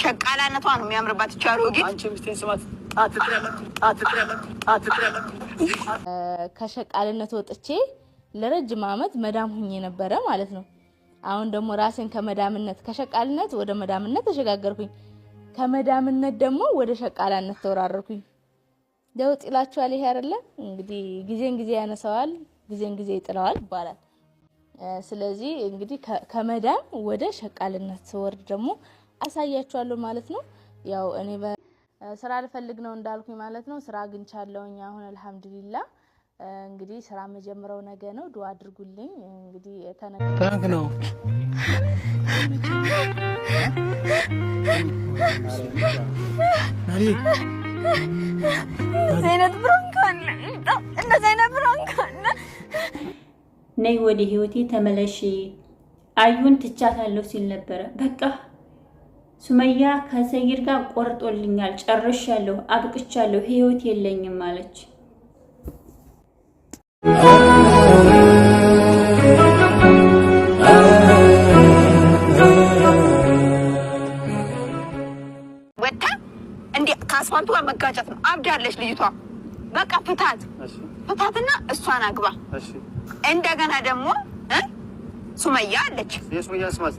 ሸቃላነቷ ነው የሚያምርባት። ከሸቃልነት ወጥቼ ለረጅም ዓመት መዳም ሁኜ ነበረ ማለት ነው። አሁን ደግሞ ራሴን ከመዳምነት ከሸቃልነት ወደ መዳምነት ተሸጋገርኩኝ። ከመዳምነት ደግሞ ወደ ሸቃላነት ተወራረርኩኝ። ለውጥ ይላችኋል። ይሄ አይደለ እንግዲህ ጊዜን ጊዜ ያነሰዋል ጊዜን ጊዜ ይጥለዋል ይባላል። ስለዚህ እንግዲህ ከመዳም ወደ ሸቃልነት ወርድ ደግሞ አሳያችኋለሁ ማለት ነው። ያው እኔ ስራ ልፈልግ ነው እንዳልኩኝ ማለት ነው። ስራ አግኝቻለሁኝ አሁን አልሐምዱሊላ። እንግዲህ ስራ መጀመረው ነገ ነው። ዱአ አድርጉልኝ። እንግዲህ ተነግ ነው ነይ ወደ ህይወቴ ተመለሺ። አዩን ትቻታለሁ ሲል ነበረ በቃ ሱመያ ከሰይድ ጋር ቆርጦልኛል፣ ጨርሻለሁ፣ አብቅቻለሁ፣ ህይወት የለኝም አለች። ወጣ እንዲህ ከአስፋልቱ ጋር መጋጨት ነው። አብዳለች ልጅቷ። በቃ ፍታት፣ ፍታትና እሷን አግባ። እንደገና ደግሞ ሱመያ አለች። የሱመያ ስማት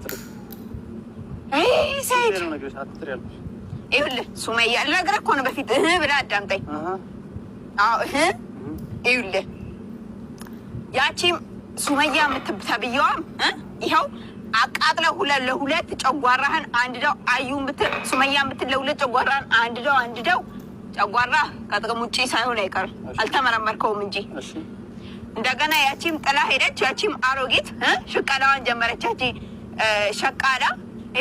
ይኸውልህ ሱመያ ልነግርህ እኮ ነው በፊት እህ ብለህ አዳምጠኝ። አዎ እህ ይኸውልህ ያቺም ሱመያ የምትተብየዋም ይኸው አቃጥለው ሁለት ለሁለት ጨጓራህን አንድደው አዩ ምትል ሱመያ ምትል ለሁለት ጨጓራህን አንድደው አንድደው ጨጓራ ከጥቅም ውጭ ሳይሆን አይቀርም። አልተመረመርከውም እንጂ እንደገና ያቺም ጥላ ሄደች። ያቺም አሮጊት ሽቀላዋን ጀመረች። ያቺ ሸቃላ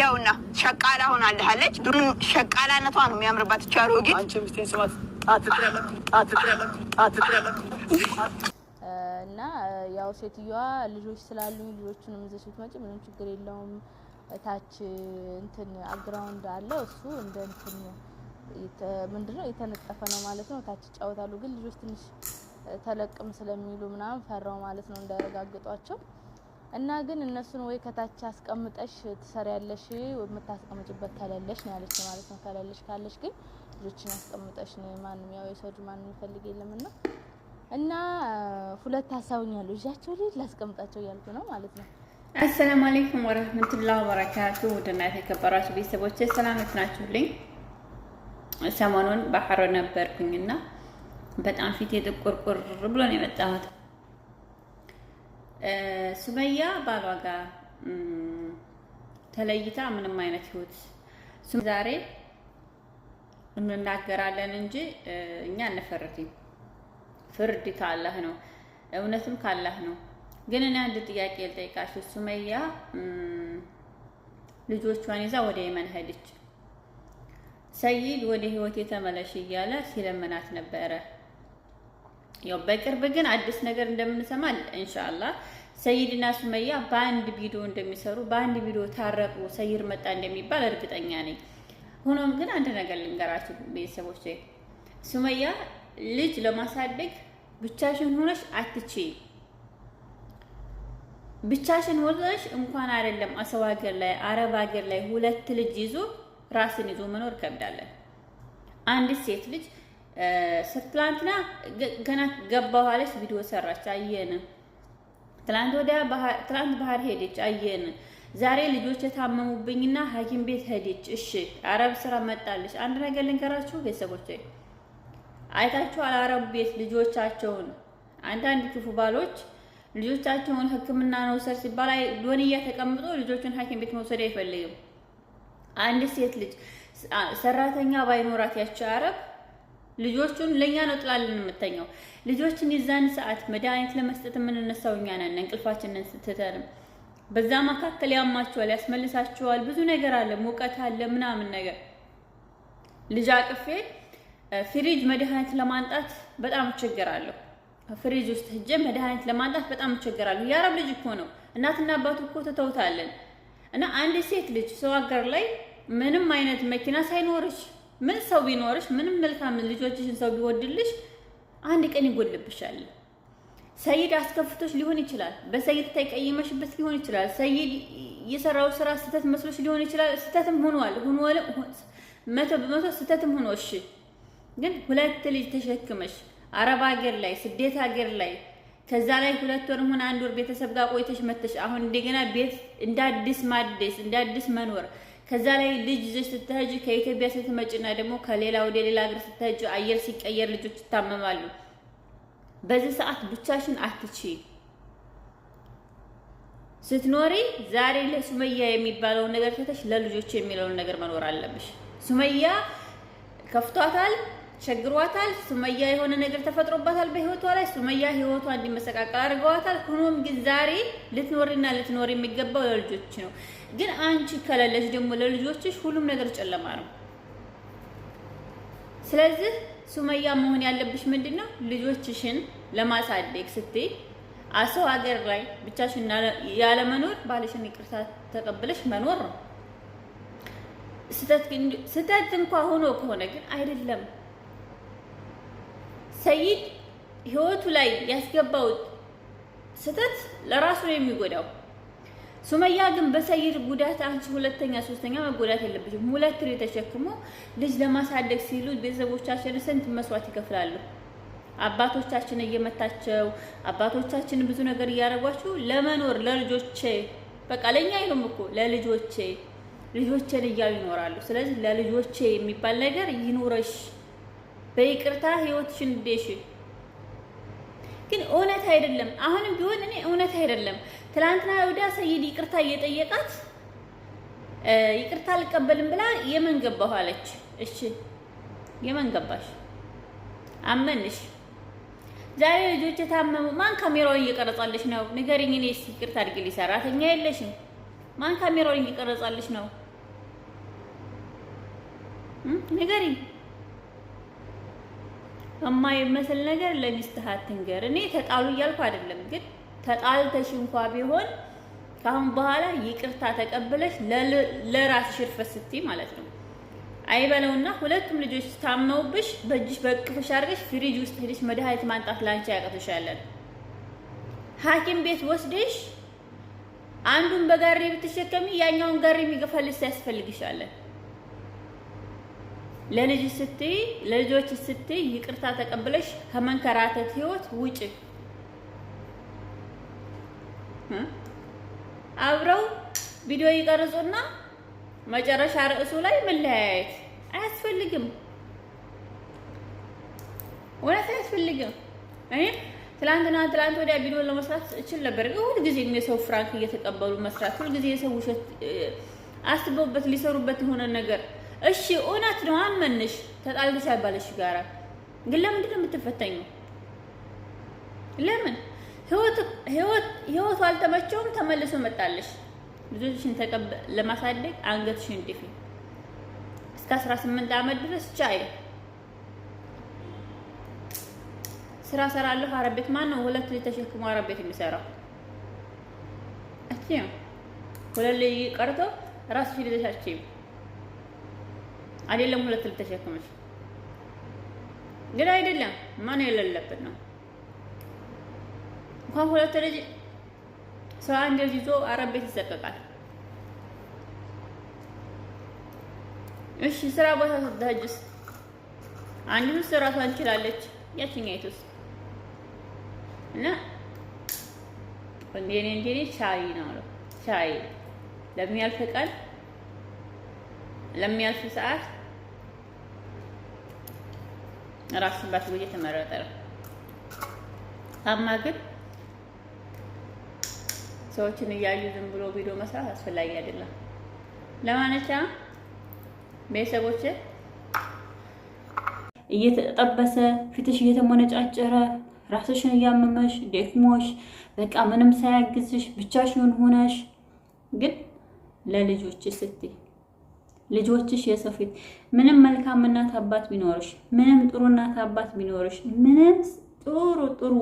ያውና ሸቃላ ሆናልሃለች። ዱን ሸቃላነቷ ነው የሚያምርባት። ቻሮ ጌ እና ያው ሴትዮዋ ልጆች ስላሉኝ ልጆቹንም ይዘሽ ብትመጪ ምንም ችግር የለውም። እታች እንትን አግራውንድ አለ እሱ እንደ እንትን ምንድነው የተነጠፈ ነው ማለት ነው። እታች ይጫወታሉ። ግን ልጆች ትንሽ ተለቅም ስለሚሉ ምናምን ፈራው ማለት ነው እንዳያረጋግጧቸው እና ግን እነሱን ወይ ከታች አስቀምጠሽ ትሰሪያለሽ የምታስቀምጭበት ከሌለሽ ነው ያለች ማለት ነው። ከሌለሽ ካለሽ ግን ልጆችን አስቀምጠሽ ነው ማንም ያው የሰው ማንም ይፈልግ ና እና ሁለት ሀሳቡኛሉ እዣቸው ልጅ ላስቀምጣቸው እያልኩ ነው ማለት ነው። አሰላሙ አለይኩም ወረህመቱላህ ወበረካቱ ውድና የተከበራችሁ ቤተሰቦች ሰላመት ናችሁልኝ። ሰሞኑን ባህሮ ነበርኩኝና በጣም ፊቴ ጥቁር ቁር ብሎ ነው የመጣሁት። ሱመያ ባሏ ጋር ተለይታ ምንም አይነት ህይወት ዛሬ እንናገራለን እንጂ እኛ አንፈርድም። ፍርድ ካላህ ነው፣ እውነትም ካላህ ነው። ግን እኔ አንድ ጥያቄ ልጠይቃችሁ። ሱመያ ልጆቿን ይዛ ወደ የመን ሄደች። ሰይድ ወደ ህይወት የተመለሽ እያለ ሲለምናት ነበረ። ያው በቅርብ ግን አዲስ ነገር እንደምንሰማ ኢንሻአላህ ሰይድና ሱመያ በአንድ ቪዲዮ እንደሚሰሩ በአንድ ቪዲዮ ታረቁ፣ ሰይር መጣ እንደሚባል እርግጠኛ ነኝ። ሆኖም ግን አንድ ነገር ልንገራችሁ ቤተሰቦች፣ ሱመያ ልጅ ለማሳደግ ብቻሽን ሆነሽ አትችይም። ብቻሽን ሆነሽ እንኳን አይደለም አሰው ሀገር ላይ አረብ ሀገር ላይ ሁለት ልጅ ይዞ ራስን ይዞ መኖር ከብዳለን። አንዲት ሴት ልጅ ትላንትና ገና ገባሁ አለች፣ ቪዲዮ ሰራች፣ አየን። ትላንት ወዲያ ትላንት ባህር ሄደች፣ አየን። ዛሬ ልጆች የታመሙብኝና ሐኪም ቤት ሄደች። እሺ አረብ ስራ መጣለች። አንድ ነገር ልንገራችሁ ቤተሰቦች፣ አይታችኋል? አረብ ቤት ልጆቻቸውን አንዳንድ ክፉ ባሎች ልጆቻቸውን ሕክምና መውሰድ ሲባል ዶንያ ተቀምጦ ልጆቹን ሐኪም ቤት መውሰድ አይፈልግም። አንድ ሴት ልጅ ሰራተኛ ባይኖራት ያቸው አረብ ልጆቹን ለእኛ ነው ጥላልን የምተኘው። ልጆችን የዛን ሰዓት መድኃኒት ለመስጠት የምንነሳው እኛ ነን፣ እንቅልፋችንን ስትተንም። በዛ መካከል ያማቸዋል፣ ያስመልሳቸዋል። ብዙ ነገር አለ፣ ሙቀት አለ፣ ምናምን ነገር ልጅ አቅፌ ፍሪጅ መድኃኒት ለማንጣት በጣም እቸገራለሁ። ፍሪጅ ውስጥ ሂጄ መድኃኒት ለማንጣት በጣም እቸገራለሁ። የአረብ ልጅ እኮ ነው፣ እናትና አባቱ እኮ ትተውታለን። እና አንድ ሴት ልጅ ሰው ሀገር ላይ ምንም አይነት መኪና ሳይኖርች ምን ሰው ቢኖርሽ ምንም መልካም ልጆችሽን ሰው ቢወድልሽ አንድ ቀን ይጎልብሻል። ሰይድ አስከፍቶች ሊሆን ይችላል። በሰይድ ተቀይመሽበት ሊሆን ይችላል። ሰይድ የሰራው ስራ ስህተት መስሎች ሊሆን ይችላል። ስህተትም ሆኗል ሆኗል፣ መቶ በመቶ ስህተትም ሆኖሽ ግን ሁለት ልጅ ተሸክመሽ አረብ ሀገር ላይ ስደት ሀገር ላይ ከዛ ላይ ሁለት ወር ሆነ አንድ ወር ቤተሰብ ጋር ቆይተሽ መተሽ አሁን እንደገና ቤት እንደ አዲስ ማደስ እንደ አዲስ መኖር ከዛ ላይ ልጅ ይዘሽ ስትሄጂ ከኢትዮጵያ ስትመጪና ደግሞ ከሌላ ወደ ሌላ ሀገር ስትሄጂ አየር ሲቀየር ልጆች ይታመማሉ። በዚህ ሰዓት ብቻሽን አትቺ ስትኖሪ ዛሬ ለሱመያ የሚባለውን ነገር ትተሽ ለልጆች የሚለውን ነገር መኖር አለብሽ። ሱመያ ከፍቷታል። ቸግሯታል። ሱመያ የሆነ ነገር ተፈጥሮባታል በህይወቷ ላይ ሱመያ ህይወቷ እንዲመሰቃቀል አድርገዋታል። ሆኖም ግን ዛሬ ልትኖሪና ልትኖሪ የሚገባው ለልጆች ነው። ግን አንቺ ከሌለሽ ደግሞ ለልጆችሽ ሁሉም ነገር ጨለማ ነው። ስለዚህ ሱመያ መሆን ያለብሽ ምንድን ነው? ልጆችሽን ለማሳደግ ስትይ አሰው ሀገር ላይ ብቻሽን ያለመኖር ባልሽን ይቅርታ ተቀብለሽ መኖር ነው። ስህተት እንኳ ሆኖ ከሆነ ግን አይደለም ሰይድ ህይወቱ ላይ ያስገባው ስህተት ለራሱ ነው የሚጎዳው። ሱመያ ግን በሰይድ ጉዳት አንቺ ሁለተኛ ሶስተኛ መጎዳት የለብሽም። ሁለት ነው ተሸክሞ ልጅ ለማሳደግ ሲሉ ቤተሰቦቻችን ስንት መስዋዕት ይከፍላሉ። አባቶቻችን እየመታቸው አባቶቻችን ብዙ ነገር እያደረጓችሁ ለመኖር ለልጆቼ በቃ ለእኛ ይሁም እኮ ለልጆቼ ልጆቼን እያሉ ይኖራሉ። ስለዚህ ለልጆቼ የሚባል ነገር ይኑረሽ። በይቅርታ ህይወትሽን እንደሽ ግን እውነት አይደለም። አሁንም ቢሆን እኔ እውነት አይደለም። ትላንትና ወዲያ ሰይድ ይቅርታ እየጠየቃት ይቅርታ አልቀበልም ብላ የመን ገባሁ አለች። እሺ የመን ገባሽ አመንሽ። ዛሬ ልጆች የታመሙ ማን ካሜራውን እየቀረጻልሽ ነው? ንገሪኝ። እኔ እስኪ ይቅርታ አድርጊልኝ። ሰራተኛ የለሽም? ማን ካሜራውን እየቀረጻልሽ ነው? ንገሪኝ። የማይመስል ነገር ለሚስትህ አትንገር። እኔ ተጣሉ እያልኩ አይደለም፣ ግን ተጣልተሽ እንኳ ቢሆን ከአሁን በኋላ ይቅርታ ተቀብለሽ ለራስ እርፈት ስትይ ማለት ነው። አይበለውና ሁለቱም ልጆች ታመውብሽ በእጅሽ በቅፍሽ አድርገሽ ፍሪጅ ውስጥ ሄደሽ መድኃኒት ማንጣት ላንቺ ያቅትሻለን። ሐኪም ቤት ወስደሽ አንዱን በጋሪ ብትሸከሚ ያኛውን ጋሪ የሚገፋልሽ ሲያስፈልግሻለን። ለልጅ ስትይ ለልጆች ስትይ ይቅርታ ተቀብለሽ ከመንከራተት ህይወት ውጭ። አብረው ቪዲዮ ይቀርጹና መጨረሻ ርዕሱ ላይ መለያየት አያስፈልግም። እውነት አያስፈልግም። እኔ ትላንትና ትላንት ወዲያ ቪዲዮ ለመስራት እችል ነበር። ሁልጊዜም የሰው ፍራንክ እየተቀበሉ መስራት፣ ሁልጊዜ የሰው ውሸት አስበውበት ሊሰሩበት የሆነ ነገር እሺ እውነት ነው አመንሽ፣ ተጣልተሽ ባልሽ ጋራ ግን ለምንድን ነው የምትፈተኙ? ለምን ህይወቱ አልተመቸውም፣ ተመልሶ መጣለሽ። ልጆችሽን ለማሳደግ አንገትሽን ድፊ እስከ 18 አመት ድረስ ቻይ። ስራ ሰራለሁ አረብ ቤት ማን ነው ሁለት ልጅ ተሸክሞ አረብ ቤት የሚሰራው? እቺ ሁለት ልጅ ቀርቶ ራስሽ ልጅ አይደለም ሁለት ልተሸክመሽ ግን አይደለም ማን የሌለብን ነው እንኳን ሁለት ልጅ ሰው አንድ ልጅ ይዞ አረብ ቤት ይሰቀቃል። እሺ ስራ ቦታ ስትሄጂስ አንዱ እራሷን እንችላለች ያችኛይቱስ እና እንደኔ እንደኔ ሻይ ነው ሻይ ለሚያልፍ ቀን ለሚያልፍ ሰዓት ራሱን ባስጎጅ የተመረጠ ነው። ታማ ግን ሰዎችን እያዩ ዝም ብሎ ቪዲዮ መስራት አስፈላጊ አይደለም። ለማነቻ ቤተሰቦች እየተጠበሰ ፊትሽ እየተሞነጫጨረ ራስሽን እያመመሽ ደክሞሽ በቃ ምንም ሳያግዝሽ ብቻሽን ሆነሽ ግን ለልጆች ስትይ ልጆችሽ የሰው ፊት ምንም መልካም እናት አባት ቢኖርሽ፣ ምንም ጥሩ እናት አባት ቢኖርሽ፣ ምንም ጥሩ ጥሩ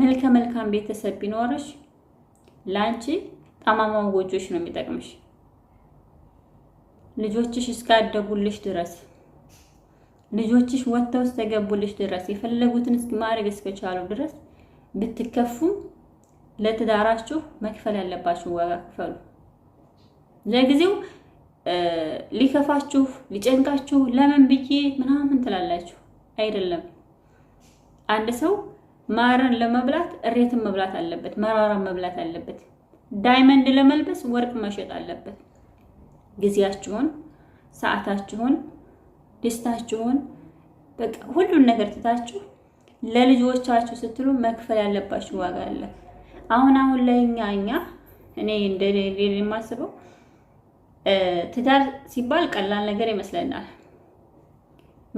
መልከ መልካም ቤተሰብ ቢኖርሽ ለአንቺ ጠማማው ጎጆሽ ነው የሚጠቅምሽ። ልጆችሽ እስካደጉልሽ ድረስ ልጆችሽ ወጥተው እስከገቡልሽ ድረስ የፈለጉትን ማድረግ እስከቻሉ ድረስ ብትከፉም ለትዳራችሁ መክፈል ያለባችሁ ዋጋ ክፈሉ። ለጊዜው ሊከፋችሁ ሊጨንቃችሁ ለምን ብዬ ምናምን ትላላችሁ። አይደለም አንድ ሰው ማርን ለመብላት እሬትን መብላት አለበት፣ መራራን መብላት አለበት። ዳይመንድ ለመልበስ ወርቅ መሸጥ አለበት። ጊዜያችሁን፣ ሰዓታችሁን፣ ደስታችሁን በቃ ሁሉን ነገር ትታችሁ ለልጆቻችሁ ስትሉ መክፈል ያለባችሁ ዋጋ አለ። አሁን አሁን ላይ እኛ እኛ እኔ እንደ የማስበው ትዳር ሲባል ቀላል ነገር ይመስለናል።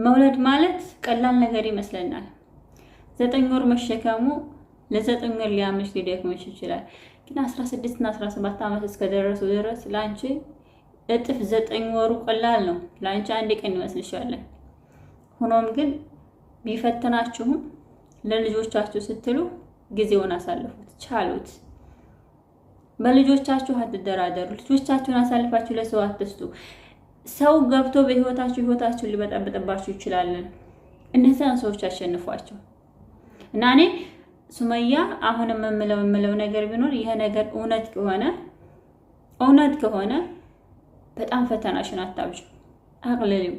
መውለድ ማለት ቀላል ነገር ይመስለናል። ዘጠኝ ወር መሸከሙ ለዘጠኝ ወር ሊያምሽ ሊደክምሽ ይችላል። ግን 16 እና 17 ዓመት እስከደረሱ ድረስ ለአንቺ እጥፍ ዘጠኝ ወሩ ቀላል ነው። ለአንቺ አንድ ቀን ይመስልሻለን። ሆኖም ግን ቢፈተናችሁም ለልጆቻችሁ ስትሉ ጊዜውን አሳልፉት፣ ቻሉት። በልጆቻችሁ አትደራደሩ። ልጆቻችሁን አሳልፋችሁ ለሰው አትስጡ። ሰው ገብቶ በህይወታችሁ ህይወታችሁን ሊበጠብጥባችሁ ይችላለን። እነዚያን ሰዎች አሸንፏቸው እና እኔ ሱመያ አሁንም የምምለው የምለው ነገር ቢኖር ይህ ነገር እውነት ከሆነ እውነት ከሆነ በጣም ፈተናሽን አታብዥ፣ አቅልልም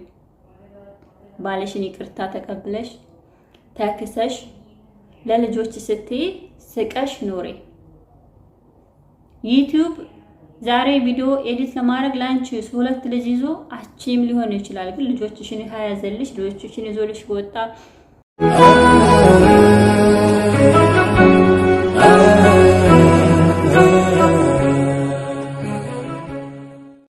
ባለሽን ይቅርታ ተቀብለሽ ተክሰሽ ለልጆች ስትይ ስቀሽ ኑሬ ዩቲዩብ ዛሬ ቪዲዮ ኤዲት ለማድረግ ላንቺ ሁለት ልጅ ይዞ አቺም ሊሆን ይችላል። ግን ልጆችሽን ከያዘልሽ ልጆችሽን ይዞልሽ ወጣ